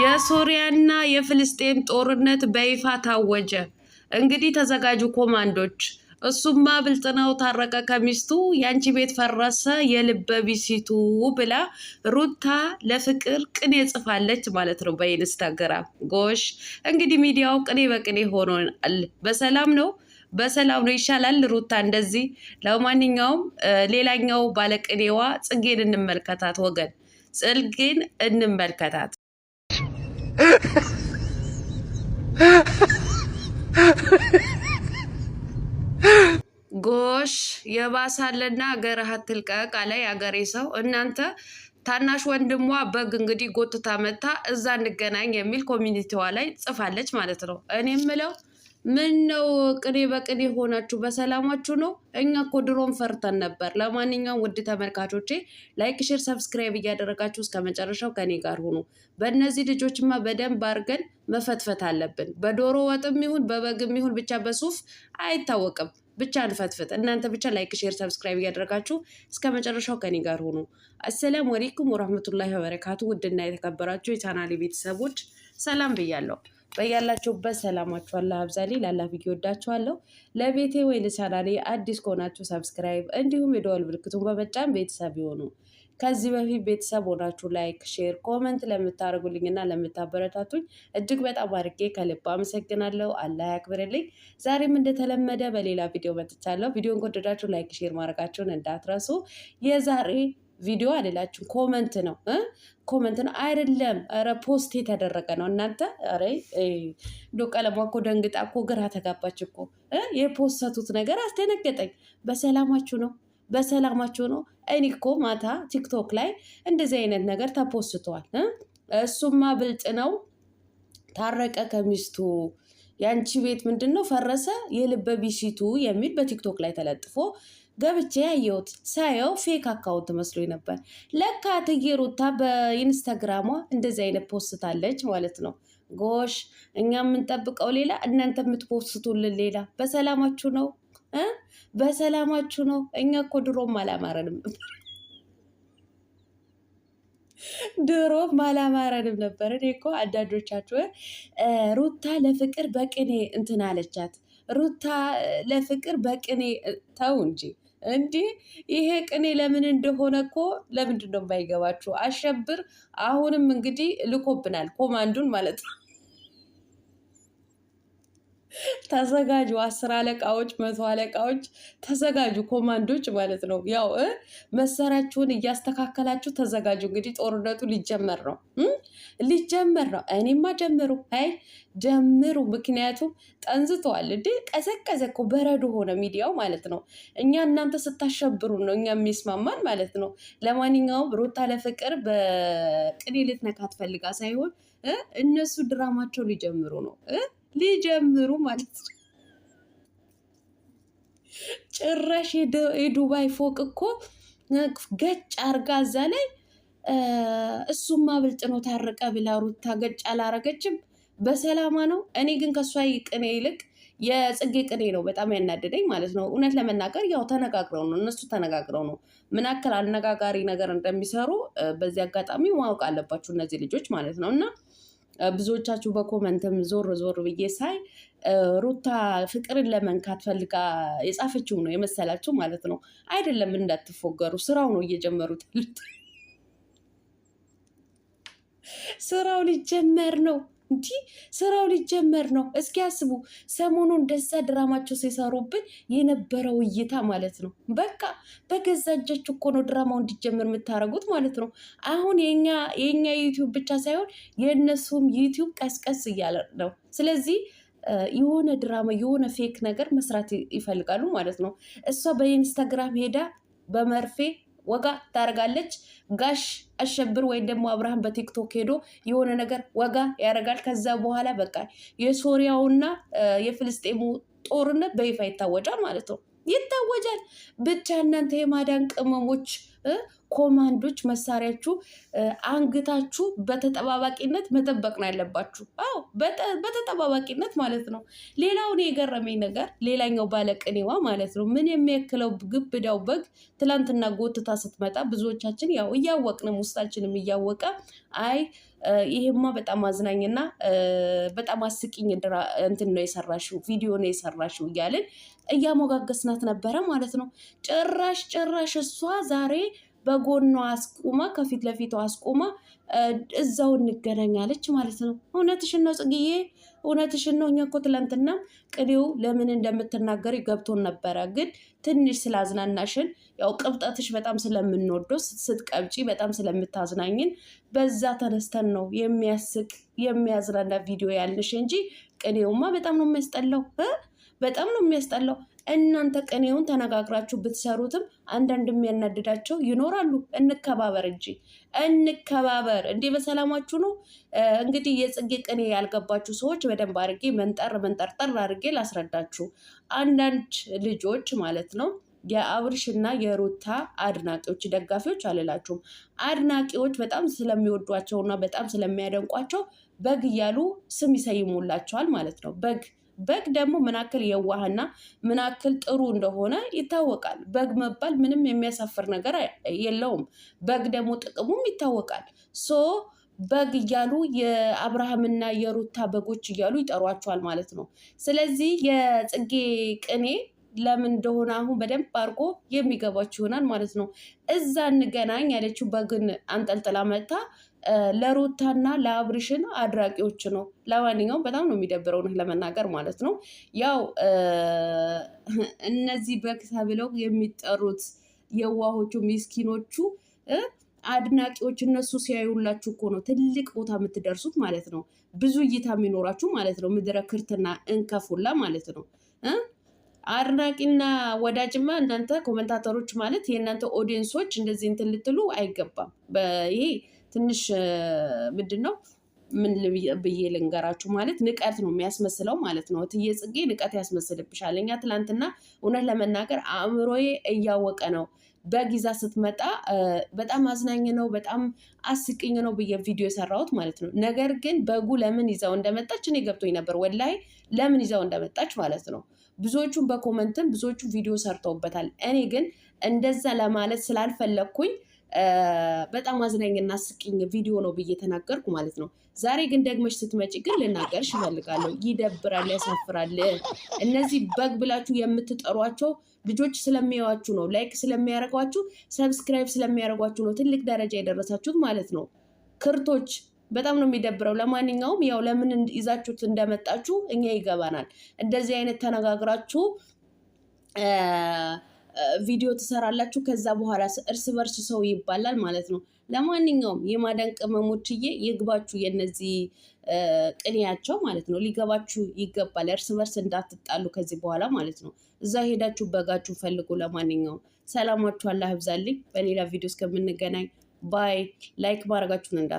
የሶሪያና የፍልስጤም ጦርነት በይፋ ታወጀ። እንግዲህ ተዘጋጁ ኮማንዶች። እሱማ ብልጥናው ታረቀ ከሚስቱ ያንቺ ቤት ፈረሰ የልበ ቢሲቱ ብላ ሩታ ለፍቅር ቅኔ ጽፋለች ማለት ነው በኢንስታግራም። ጎሽ እንግዲህ ሚዲያው ቅኔ በቅኔ ሆኗል። በሰላም ነው በሰላም ነው ይሻላል። ሩታ እንደዚህ ለማንኛውም ሌላኛው ባለቅኔዋ ጽጌን እንመልከታት ወገን፣ ጽጌን እንመልከታት። ጎሽ የባሳለና አገር አትልቀቅ አለ የአገሬ ሰው። እናንተ ታናሽ ወንድሟ በግ እንግዲህ ጎትታ መታ እዛ እንገናኝ የሚል ኮሚኒቲዋ ላይ ጽፋለች ማለት ነው። እኔ ምለው ምን ነው ቅኔ በቅኔ ሆናችሁ በሰላማችሁ ነው? እኛ እኮ ድሮም ፈርተን ነበር። ለማንኛውም ውድ ተመልካቾቼ ላይክ፣ ሼር፣ ሰብስክራይብ እያደረጋችሁ እስከ መጨረሻው ከኔ ጋር ሁኑ። በእነዚህ ልጆችማ በደንብ አድርገን መፈትፈት አለብን። በዶሮ ወጥም ይሁን በበግም ይሁን ብቻ በሱፍ አይታወቅም። ብቻ እንፈትፍት። እናንተ ብቻ ላይክ፣ ሼር፣ ሰብስክራይብ እያደረጋችሁ እስከ መጨረሻው ከኔ ጋር ሁኑ። አሰላሙ አሌይኩም ወራህመቱላሂ ወበረካቱ። ውድና የተከበራችሁ የቻናሌ ቤተሰቦች ሰላም ብያለሁ። በያላችሁበት ሰላማችሁ አላህ አብዛሊ ላላፍጊ ወዳችኋለሁ። ለቤቴ ወይ ቻናሌ አዲስ ከሆናችሁ ሰብስክራይብ እንዲሁም የደወል ምልክቱን በመጫን ቤተሰብ ይሆኑ። ከዚህ በፊት ቤተሰብ ሆናችሁ ላይክ፣ ሼር፣ ኮመንት ለምታደርጉልኝ ለምታደርጉልኝና ለምታበረታቱኝ እጅግ በጣም አድርጌ ከልብ አመሰግናለሁ። አላህ ያክብርልኝ። ዛሬም እንደተለመደ በሌላ ቪዲዮ መጥቻለሁ። ቪዲዮን ከወደዳችሁ ላይክ፣ ሼር ማድረጋችሁን እንዳትረሱ። የዛሬ ቪዲዮ አልላችሁ፣ ኮመንት ነው ኮመንት ነው አይደለም፣ ረ ፖስት የተደረገ ነው። እናንተ ረ ዶ ቀለሟ እኮ ደንግጣ እኮ ግራ ተጋባች እኮ። የፖስተቱት ነገር አስደነገጠኝ። በሰላማችሁ ነው በሰላማችሁ ነው። እኔ እኮ ማታ ቲክቶክ ላይ እንደዚህ አይነት ነገር ተፖስተዋል። እሱማ ብልጥ ነው፣ ታረቀ ከሚስቱ የአንቺ ቤት ምንድን ነው ፈረሰ የልበ ቢሲቱ የሚል በቲክቶክ ላይ ተለጥፎ ገብቼ ያየሁት ሳየው ፌክ አካውንት መስሎ ነበር። ለካ እትዬ ሩታ በኢንስታግራሟ እንደዚህ አይነት ፖስታለች ማለት ነው። ጎሽ እኛ የምንጠብቀው ሌላ፣ እናንተ የምትፖስቱልን ሌላ። በሰላማችሁ ነው እ በሰላማችሁ ነው። እኛ እኮ ድሮም አላማረንም ድሮም አላማረንም ነበር። እኔ እኮ አንዳንዶቻችሁ ሩታ ለፍቅር በቅኔ እንትን አለቻት ሩታ ለፍቅር በቅኔ ተው እንጂ እንዲህ ይሄ ቅኔ ለምን እንደሆነ እኮ ለምንድን ነው የማይገባችሁ? አሸብር አሁንም እንግዲህ ልኮብናል ኮማንዱን ማለት ነው። ተዘጋጁ። አስር አለቃዎች፣ መቶ አለቃዎች ተዘጋጁ፣ ኮማንዶች ማለት ነው። ያው መሳሪያችሁን እያስተካከላችሁ ተዘጋጁ። እንግዲህ ጦርነቱ ሊጀመር ነው፣ ሊጀመር ነው። እኔማ ጀምሩ፣ አይ ጀምሩ። ምክንያቱም ጠንዝተዋል። እንደ ቀዘቀዘ እኮ በረዶ ሆነ ሚዲያው ማለት ነው። እኛ እናንተ ስታሸብሩ ነው እኛ የሚስማማን ማለት ነው። ለማንኛውም ሩታ ለፍቅር በቅኔ ልትነካ ትፈልጋ ሳይሆን እነሱ ድራማቸው ሊጀምሩ ነው። ሊጀምሩ ማለት ነው። ጭራሽ የዱባይ ፎቅ እኮ ገጭ አርጋ እዛ ላይ እሱማ ብልጥ ነው ታረቀ ብላ ሩታ ገጭ አላረገችም። በሰላማ ነው። እኔ ግን ከእሷ ቅኔ ይልቅ የጽጌ ቅኔ ነው በጣም ያናደደኝ ማለት ነው። እውነት ለመናገር ያው ተነጋግረው ነው እነሱ ተነጋግረው ነው። ምን ያክል አነጋጋሪ ነገር እንደሚሰሩ በዚህ አጋጣሚ ማወቅ አለባችሁ እነዚህ ልጆች ማለት ነው እና ብዙዎቻችሁ በኮመንትም ዞር ዞር ብዬ ሳይ ሩታ ፍቅርን ለመንካት ፈልጋ የጻፈችው ነው የመሰላችሁ ማለት ነው። አይደለም፣ እንዳትፎገሩ ስራው ነው እየጀመሩት ያሉት። ስራው ሊጀመር ነው። እንዲህ ስራው ሊጀመር ነው። እስኪ ያስቡ ሰሞኑ እንደዛ ድራማቸው ሲሰሩብን የነበረው እይታ ማለት ነው። በቃ በገዛ እጃችሁ እኮ ነው ድራማው እንዲጀመር የምታደርጉት ማለት ነው። አሁን የእኛ ዩቲዩብ ብቻ ሳይሆን የእነሱም ዩቲዩብ ቀስቀስ እያለ ነው። ስለዚህ የሆነ ድራማ የሆነ ፌክ ነገር መስራት ይፈልጋሉ ማለት ነው። እሷ በኢንስታግራም ሄዳ በመርፌ ወጋ ታደርጋለች። ጋሽ አሸብር ወይም ደግሞ አብርሃም በቲክቶክ ሄዶ የሆነ ነገር ወጋ ያደርጋል። ከዛ በኋላ በቃ የሶሪያውና የፍልስጤሙ ጦርነት በይፋ ይታወጫል ማለት ነው ይታወጃል። ብቻ እናንተ የማዳን ቅመሞች ኮማንዶች መሳሪያችሁ አንግታችሁ በተጠባባቂነት መጠበቅ ነው ያለባችሁ። አዎ በተጠባባቂነት ማለት ነው። ሌላው እኔ የገረመኝ ነገር ሌላኛው ባለቅኔዋ ማለት ነው ምን የሚያክለው ግብዳው በግ ትላንትና ጎትታ ስትመጣ ብዙዎቻችን ያው እያወቅንም ውስጣችንም እያወቀ አይ ይሄማ በጣም አዝናኝና በጣም አስቂኝ እንትን ነው የሰራሽው ቪዲዮ ነው የሰራሽው እያልን እያሞጋገስናት ነበረ ማለት ነው። ጭራሽ ጭራሽ እሷ ዛሬ በጎኗ አስቁማ ከፊት ለፊቷ አስቁማ እዛው እንገናኛለች ማለት ነው። እውነትሽን ነው ጽግዬ፣ እውነትሽን ነው። እኛ እኮ ትላንትና ቅኔው ለምን እንደምትናገር ገብቶን ነበረ፣ ግን ትንሽ ስላዝናናሽን ያው ቅብጠትሽ በጣም ስለምንወደው ስትቀብጪ በጣም ስለምታዝናኝን በዛ ተነስተን ነው የሚያስቅ የሚያዝናና ቪዲዮ ያልንሽ እንጂ ቅኔውማ በጣም ነው የሚያስጠላው፣ በጣም ነው የሚያስጠላው። እናንተ ቅኔውን ተነጋግራችሁ ብትሰሩትም አንዳንድ የሚያናድዳቸው ይኖራሉ። እንከባበር እንጂ እንከባበር። እንዲህ በሰላማችሁ ነው እንግዲህ። የጽጌ ቅኔ ያልገባችሁ ሰዎች በደንብ አድርጌ መንጠር መንጠርጠር አድርጌ ላስረዳችሁ። አንዳንድ ልጆች ማለት ነው የአብርሽና የሩታ አድናቂዎች ደጋፊዎች አልላችሁም፣ አድናቂዎች በጣም ስለሚወዷቸውና በጣም ስለሚያደንቋቸው በግ እያሉ ስም ይሰይሙላቸዋል ማለት ነው በግ በግ ደግሞ ምናክል የዋህና ምናክል ጥሩ እንደሆነ ይታወቃል። በግ መባል ምንም የሚያሳፍር ነገር የለውም። በግ ደግሞ ጥቅሙም ይታወቃል። ሶ በግ እያሉ የአብርሃምና የሩታ በጎች እያሉ ይጠሯቸዋል ማለት ነው። ስለዚህ የጽጌ ቅኔ ለምን እንደሆነ አሁን በደንብ አድርጎ የሚገባችሁ ይሆናል ማለት ነው። እዛ እንገናኝ ያለችው በግን አንጠልጥላ መታ ለሩታና ለአብርሽን አድራቂዎች ነው። ለማንኛውም በጣም ነው የሚደብረው ለመናገር ማለት ነው። ያው እነዚህ በክሳ ብለው የሚጠሩት የዋሆቹ ሚስኪኖቹ አድናቂዎች እነሱ ሲያዩላችሁ እኮ ነው ትልቅ ቦታ የምትደርሱት ማለት ነው። ብዙ እይታ የሚኖራችሁ ማለት ነው። ምድረ ክርትና እንከፉላ ማለት ነው። አድናቂና ወዳጅማ እናንተ ኮመንታተሮች ማለት የእናንተ ኦዲየንሶች እንደዚህ እንትን ልትሉ አይገባም። ይሄ ትንሽ ምንድን ነው ምን ብዬ ልንገራችሁ ማለት ንቀት ነው የሚያስመስለው ማለት ነው። እትዬ ጽጌ ንቀት ያስመስልብሻል። እኛ ትላንትና እውነት ለመናገር አእምሮዬ እያወቀ ነው በጊዛ ስትመጣ በጣም አዝናኝ ነው፣ በጣም አስቅኝ ነው ብዬ ቪዲዮ የሰራሁት ማለት ነው። ነገር ግን በጉ ለምን ይዛው እንደመጣች እኔ ገብቶኝ ነበር። ወላይ ለምን ይዘው እንደመጣች ማለት ነው። ብዙዎቹን በኮመንትም ብዙዎቹ ቪዲዮ ሰርተውበታል። እኔ ግን እንደዛ ለማለት ስላልፈለግኩኝ በጣም አዝናኝና ስቂኝ ቪዲዮ ነው ብዬ ተናገርኩ ማለት ነው። ዛሬ ግን ደግመሽ ስትመጪ ግን ልናገርሽ እፈልጋለሁ። ይደብራል፣ ያሳፍራል። እነዚህ በግ ብላችሁ የምትጠሯቸው ልጆች ስለሚያዋችሁ ነው፣ ላይክ ስለሚያደርጓችሁ፣ ሰብስክራይብ ስለሚያደርጓችሁ ነው ትልቅ ደረጃ የደረሳችሁት ማለት ነው። ክርቶች በጣም ነው የሚደብረው። ለማንኛውም ያው ለምን ይዛችሁት እንደመጣችሁ እኛ ይገባናል። እንደዚህ አይነት ተነጋግራችሁ ቪዲዮ ትሰራላችሁ። ከዛ በኋላ እርስ በርስ ሰው ይባላል ማለት ነው። ለማንኛውም የማዳን ቅመሞችዬ ይግባችሁ፣ የነዚህ ቅኔያቸው ማለት ነው ሊገባችሁ ይገባል። እርስ በርስ እንዳትጣሉ ከዚህ በኋላ ማለት ነው። እዛ ሄዳችሁ በጋችሁ ፈልጉ። ለማንኛውም ሰላማችሁ አላህ ይብዛልኝ። በሌላ ቪዲዮ እስከምንገናኝ ባይ። ላይክ ማድረጋችሁን እንዳት